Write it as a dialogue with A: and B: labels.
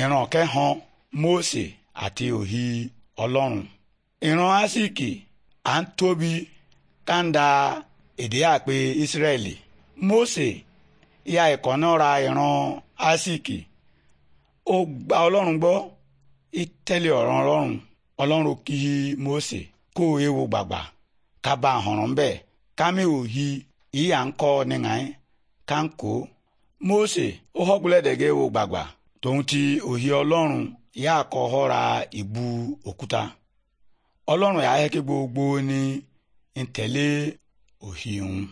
A: ìran kẹhàn Mósè àti òhì Ọlọ́run ìran asiki à ń tóbi kanda èdè àpè Ísírẹ́lì mose ya ìkànnà ra ìran asiki ó gba Ọlọ́run gbọ́ ìtẹ́lẹ̀ ọ̀ràn Ọlọ́run Ọlọ́run kì í Mósè kó ewu gbàgbà kaba ahọ̀rọ̀ mbẹ́ kame òhì ìyà ńkọ́ nìyẹn kankó Mósè ó họ́gbọ́lẹ́dẹ̀gẹ́ ewu gbàgbà. tòun ti òhì ọlọ́run ìyá àkọ́họ́ra ìbu òkúta ọlọ́run yà á yẹ kí gbogbo ní ń tẹ̀lé òhì òun.